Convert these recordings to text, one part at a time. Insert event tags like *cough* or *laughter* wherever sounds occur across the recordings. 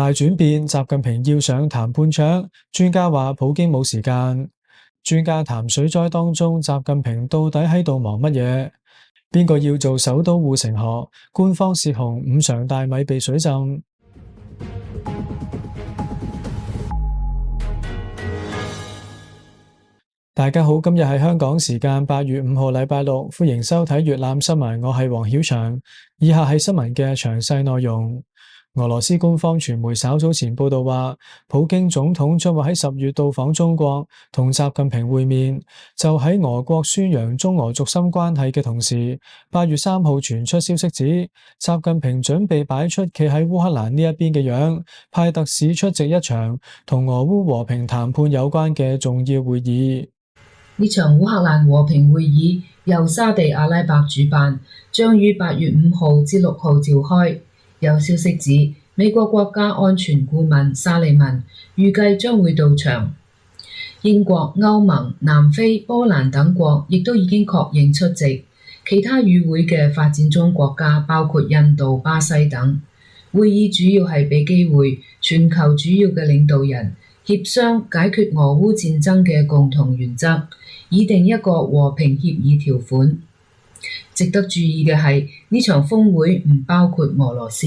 大轉變，習近平要上談判桌，專家話普京冇時間。專家談水災當中，習近平到底喺度忙乜嘢？邊個要做首都護城河？官方泄洪，五常大米被水浸。 *music* 大家好，今日係香港時間八月五號，禮拜六，歡迎收睇粵覽新聞，我係黃曉翔。以下係新聞嘅詳細內容。俄羅斯官方傳媒稍早前報道話，普京總統將會喺十月到訪中國同習近平會面。就喺俄國宣揚中俄軸心關係嘅同時，八月三號傳出消息指，習近平準備擺出企喺烏克蘭呢一邊嘅樣，派特使出席一場同俄烏和平談判有關嘅重要會議。呢場烏克蘭和平會議由沙地阿拉伯主辦，將於八月五號至六號召開。有消息指，美國國家安全顧問沙利文預計將會到場，英國、歐盟、南非、波蘭等國亦都已經確認出席，其他與會嘅發展中國家包括印度、巴西等。會議主要係俾機會全球主要嘅領導人協商解決俄烏戰爭嘅共同原則，擬定一個和平協議條款。值得注意嘅係，呢場峰會唔包括俄羅斯。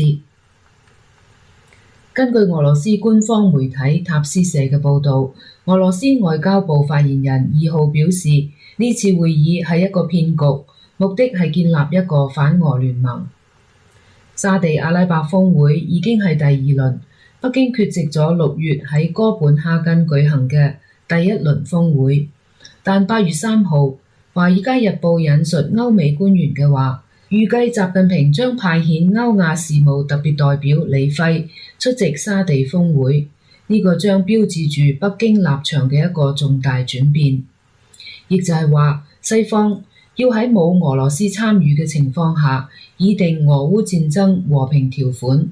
根據俄羅斯官方媒體塔斯社嘅報道，俄羅斯外交部發言人二號表示，呢次會議係一個騙局，目的係建立一個反俄聯盟。沙地阿拉伯峰會已經係第二輪，北京缺席咗六月喺哥本哈根舉行嘅第一輪峰會，但八月三號。《華爾街日報》引述歐美官員嘅話，預計習近平將派遣歐亞事務特別代表李輝出席沙地峰會，呢、這個將標誌住北京立場嘅一個重大轉變，亦就係話西方要喺冇俄羅斯參與嘅情況下，擬定俄烏戰爭和平條款，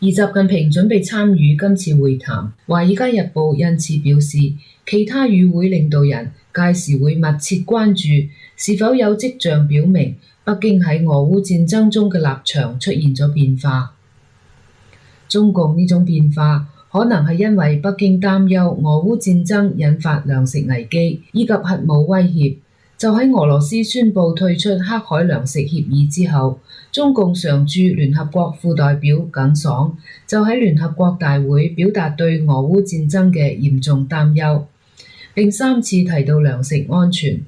而習近平準備參與今次會談，《華爾街日報》因此表示，其他與會領導人，屆時會密切關注是否有跡象表明北京喺俄烏戰爭中嘅立場出現咗變化。中共呢種變化可能係因為北京擔憂俄烏戰爭引發糧食危機以及核武威脅。就喺俄羅斯宣布退出黑海糧食協議之後，中共常駐聯合國副代表耿爽就喺聯合國大會表達對俄烏戰爭嘅嚴重擔憂。並三次提到糧食安全。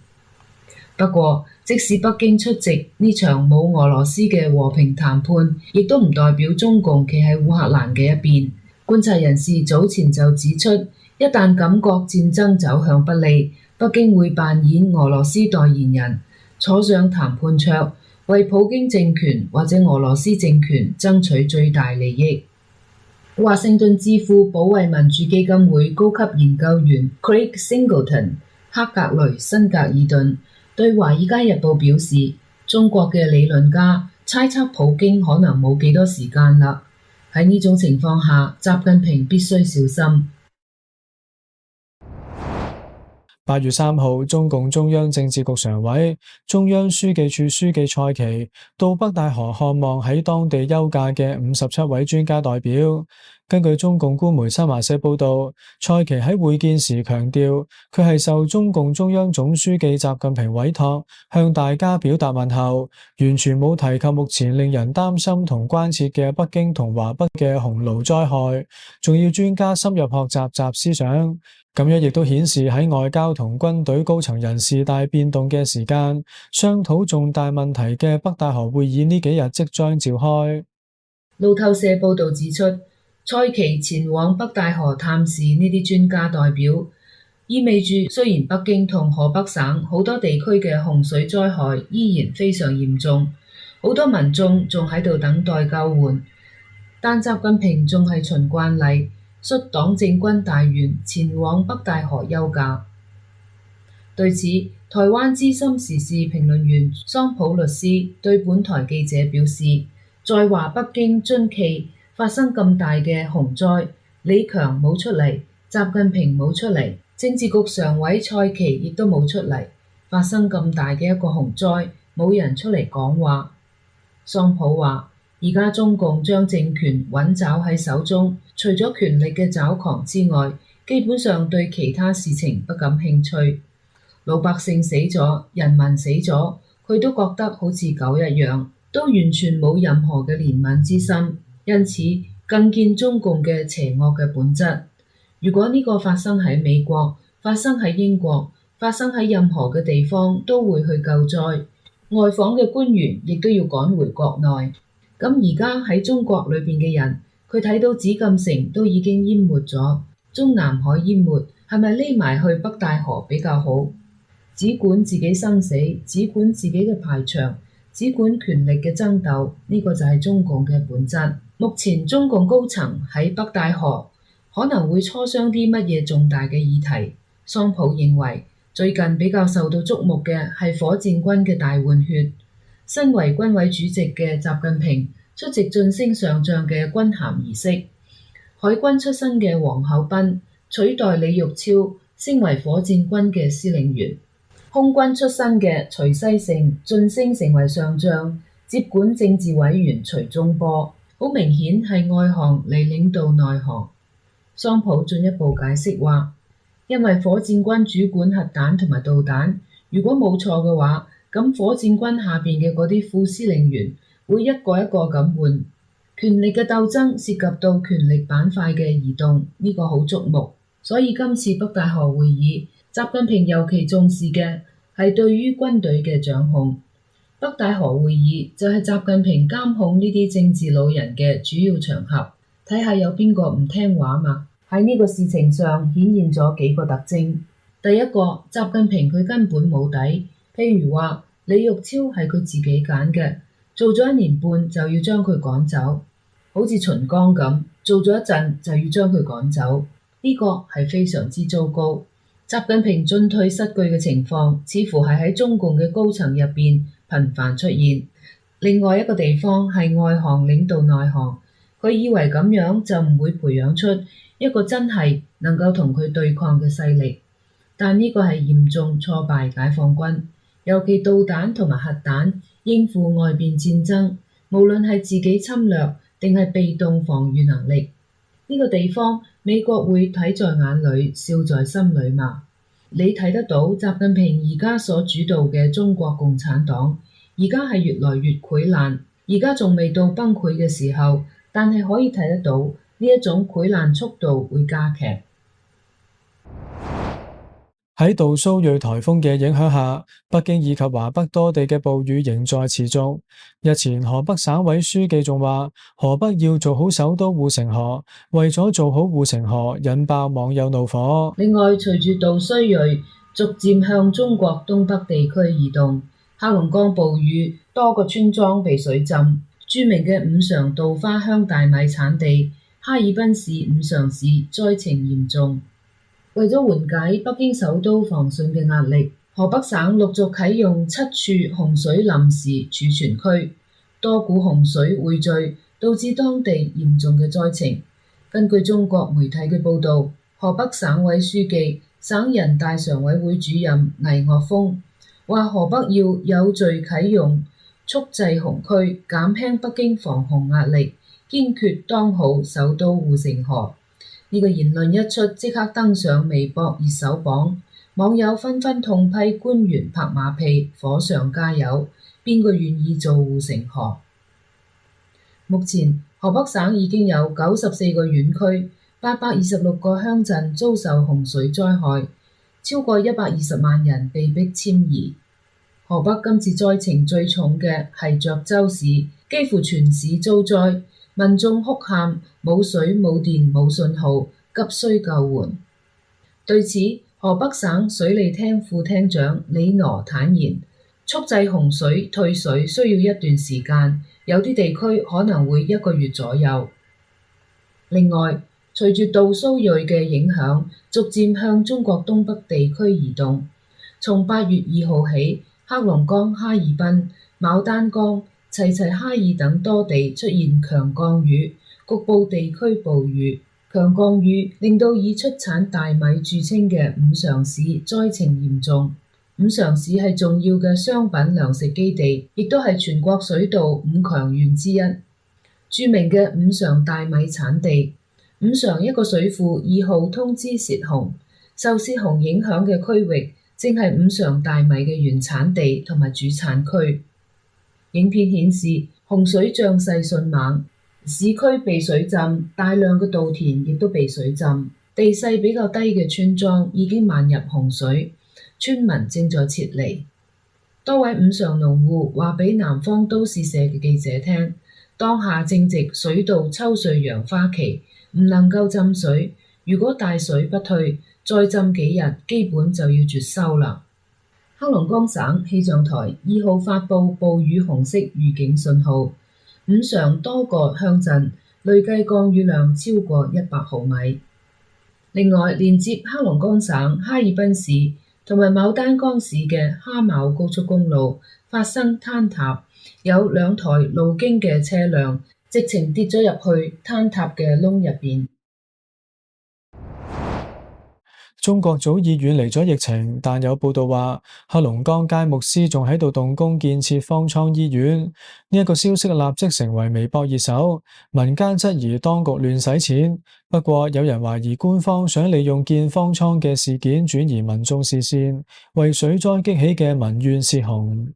不過，即使北京出席呢場冇俄羅斯嘅和平談判，亦都唔代表中共企喺烏克蘭嘅一邊。觀察人士早前就指出，一旦感覺戰爭走向不利，北京會扮演俄羅斯代言人，坐上談判桌，為普京政權或者俄羅斯政權爭取最大利益。華盛頓智庫保衛民主基金會高級研究員 Craig Singleton 克雷格辛格爾頓對《華爾街日報》表示：中國嘅理論家猜測普京可能冇幾多時間啦。喺呢種情況下，習近平必須小心。八月三號，中共中央政治局常委、中央書記處書記蔡奇到北戴河看望喺當地休假嘅五十七位專家代表。根據中共官媒新華社報道，蔡奇喺會見時強調，佢係受中共中央總書記習近平委託，向大家表達問候，完全冇提及目前令人擔心同關切嘅北京同華北嘅洪澇災害。仲要專家深入學習習思想，咁樣亦都顯示喺外交同軍隊高層人士大變動嘅時間，商討重大問題嘅北戴河會議呢幾日即將召開。路透社報道指出，蔡奇前往北戴河探視呢啲專家代表，意味住雖然北京同河北省好多地區嘅洪水災害依然非常嚴重，好多民眾仲喺度等待救援，但習近平仲係循慣例率黨政軍大員前往北戴河休假。對此，台灣資深時事評論員桑普律師對本台記者表示，在華北京津冀，發生咁大嘅洪災，李強冇出嚟，習近平冇出嚟，政治局常委蔡奇亦都冇出嚟。發生咁大嘅一個洪災，冇人出嚟講話。桑普話：而家中共將政權穩抓喺手中，除咗權力嘅爪狂之外，基本上對其他事情不感興趣。老百姓死咗，人民死咗，佢都覺得好似狗一樣，都完全冇任何嘅憐憫之心。因此，更見中共嘅邪惡嘅本質。如果呢個發生喺美國、發生喺英國、發生喺任何嘅地方，都會去救災。外訪嘅官員亦都要趕回國內。咁而家喺中國裏邊嘅人，佢睇到紫禁城都已經淹沒咗，中南海淹沒，係咪匿埋去北戴河比較好？只管自己生死，只管自己嘅排場。只管權力嘅爭鬥，呢、這個就係中共嘅本質。目前中共高層喺北戴河可能會磋商啲乜嘢重大嘅議題。桑普認為，最近比較受到矚目嘅係火箭軍嘅大換血。身為軍委主席嘅習近平出席晉升上將嘅軍銜儀式。海軍出身嘅王厚斌取代李玉超，升為火箭軍嘅司令員。空軍出身嘅徐西盛晉升成為上將，接管政治委員徐中波，好明顯係外行嚟，領導內行。桑普進一步解釋話，因為火箭軍主管核彈同埋導彈，如果冇錯嘅話，咁火箭軍下邊嘅嗰啲副司令員會一個一個咁換，權力嘅鬥爭涉及到權力板塊嘅移動，呢個好矚目，所以今次北戴河會議。習近平尤其重視嘅係對於軍隊嘅掌控。北戴河會議就係習近平監控呢啲政治老人嘅主要場合，睇下有邊個唔聽話嘛。喺呢個事情上顯現咗幾個特徵。第一個，習近平佢根本冇底，譬如話李玉超係佢自己揀嘅，做咗一年半就要將佢趕走，好似秦剛咁做咗一陣就要將佢趕走，呢個係非常之糟糕。習近平進退失據嘅情況，似乎係喺中共嘅高層入邊頻繁出現。另外一個地方係外行領導內行，佢以為咁樣就唔會培養出一個真係能夠同佢對抗嘅勢力。但呢個係嚴重挫敗解放軍，尤其導彈同埋核彈應付外邊戰爭，無論係自己侵略定係被動防禦能力，呢、這個地方。美國會睇在眼裏，笑在心裏嘛。你睇得到習近平而家所主導嘅中國共產黨，而家係越來越潰爛，而家仲未到崩潰嘅時候，但係可以睇得到呢一種潰爛速度會加劇。喺杜蘇芮颱風嘅影響下，北京以及華北多地嘅暴雨仍在持續。日前河北省委書記仲話，河北要做好首都護城河。為咗做好護城河，引爆網友怒火。另外，隨住杜蘇芮逐漸向中國東北地區移動，黑龍江暴雨多個村莊被水浸，著名嘅五常稻花香大米產地哈爾濱市五常市災情嚴重。為咗緩解北京首都防汛嘅壓力，河北省陸續啟用七處洪水臨時儲存區，多股洪水匯聚，導致當地嚴重嘅災情。根據中國媒體嘅報導，河北省委書記、省人大常委會主任魏岳峰話：河北要有序啟用蓄滯洪區，減輕北京防洪壓力，堅決當好首都護城河。呢個言論一出，即刻登上微博熱搜榜，網友紛紛痛批官員拍馬屁，火上加油。邊個願意做護城河？目前河北省已經有九十四個縣區、八百二十六個鄉鎮遭受洪水災害，超過一百二十萬人被迫遷移。河北今次災情最重嘅係涿州市，幾乎全市遭災。民眾哭喊：冇水、冇電、冇信號，急需救援。對此，河北省水利廳副廳長李挪坦言，蓄滯洪水退水需要一段時間，有啲地區可能會一個月左右。另外，隨住杜蘇芮嘅影響逐漸向中國東北地區移動，從八月二號起，黑龍江、哈爾濱、牡丹江、齊齊哈爾等多地出現強降雨，局部地區暴雨。強降雨令到以出產大米著稱嘅五常市災情嚴重。五常市係重要嘅商品糧食基地，亦都係全國水稻五強縣之一，著名嘅五常大米產地。五常一個水庫二號通知泄洪，受泄洪影響嘅區域正係五常大米嘅原產地同埋主產區。影片顯示洪水漲勢迅猛，市區被水浸，大量嘅稻田亦都被水浸。地勢比較低嘅村莊已經漫入洪水，村民正在撤離。多位五常農戶話俾南方都市社嘅記者聽，當下正值水稻抽穗揚花期，唔能夠浸水。如果大水不退，再浸幾日，基本就要絕收啦。黑龍江省氣象台二號發佈暴雨紅色預警信號，五常多個鄉鎮累計降雨量超過一百毫米。另外，連接黑龍江省哈爾濱市同埋牡丹江市嘅哈牡高速公路發生坍塌，有兩台路經嘅車輛直情跌咗入去坍塌嘅窿入邊。中國早已遠離咗疫情，但有報道話黑龍江佳木斯仲喺度動工建設方艙醫院，呢一個消息立即成為微博熱搜。民間質疑當局亂使錢，不過有人懷疑官方想利用建方艙嘅事件轉移民眾視線，為水災激起嘅民怨泄洪。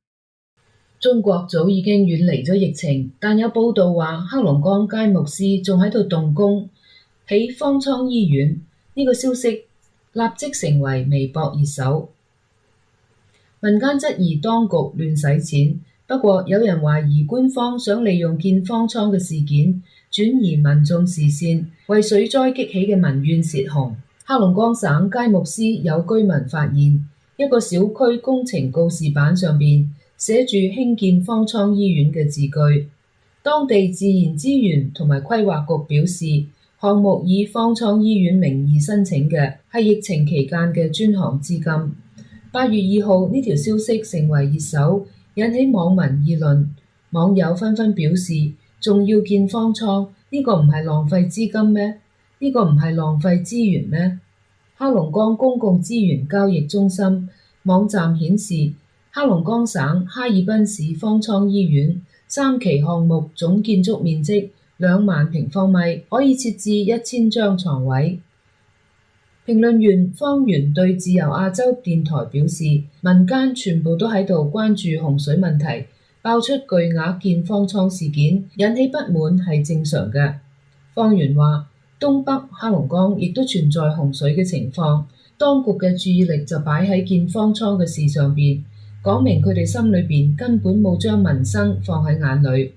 中國早已經遠離咗疫情，但有報道話黑龍江佳木斯仲喺度動工喺方艙醫院，呢個消息。立即成為微博熱搜，民間質疑當局亂使錢，不過有人懷疑官方想利用建方艙嘅事件轉移民眾視線，為水災激起嘅民怨泄洪。黑龍江省佳木斯有居民發現一個小區工程告示板上邊寫住興建方艙醫院嘅字句，當地自然資源同埋規劃局表示。項目以方艙醫院名義申請嘅係疫情期間嘅專項資金。八月二號呢條消息成為熱搜，引起網民議論。網友紛紛表示：仲要建方艙？呢個唔係浪費資金咩？呢個唔係浪費資源咩？黑龍江公共資源交易中心網站顯示，黑龍江省哈爾濱市方艙醫院三期項目總建築面積。兩萬平方米，可以設置一千張床位。評論員方源對自由亞洲電台表示：民間全部都喺度關注洪水問題，爆出巨額建方艙事件，引起不滿係正常嘅。方源話：東北黑龍江亦都存在洪水嘅情況，當局嘅注意力就擺喺建方艙嘅事上邊，講明佢哋心裏邊根本冇將民生放喺眼裏。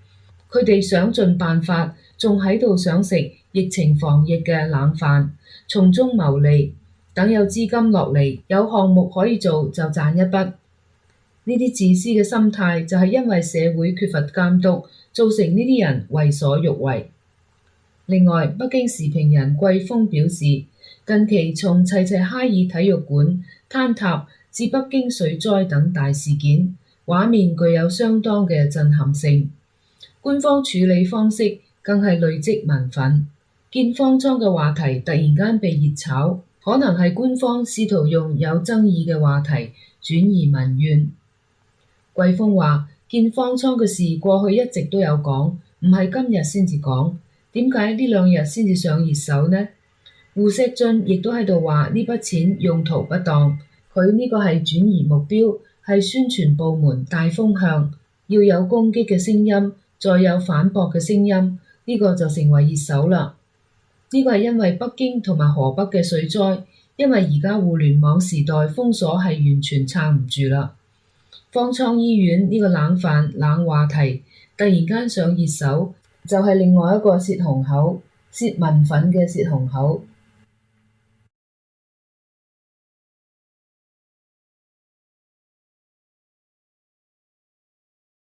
佢哋想盡辦法，仲喺度想食疫情防疫嘅冷飯，從中牟利。等有資金落嚟，有項目可以做，就賺一筆。呢啲自私嘅心態，就係因為社會缺乏監督，造成呢啲人為所欲為。另外，北京時評人季峰表示，近期從齊齊哈爾體育館坍塌至北京水災等大事件，畫面具有相當嘅震撼性。官方處理方式更係累積民憤，建方艙嘅話題突然間被熱炒，可能係官方試圖用有爭議嘅話題轉移民怨。季峰話：建方艙嘅事過去一直都有講，唔係今日先至講，點解呢兩日先至上熱搜呢？胡錫進亦都喺度話：呢筆錢用途不當，佢呢個係轉移目標，係宣傳部門大風向要有攻擊嘅聲音。再有反駁嘅聲音，呢、這個就成為熱搜啦。呢、這個係因為北京同埋河北嘅水災，因為而家互聯網時代封鎖係完全撐唔住啦。方艙醫院呢個冷飯冷話題，突然間上熱搜，就係、是、另外一個泄洪口、泄民憤嘅泄洪口。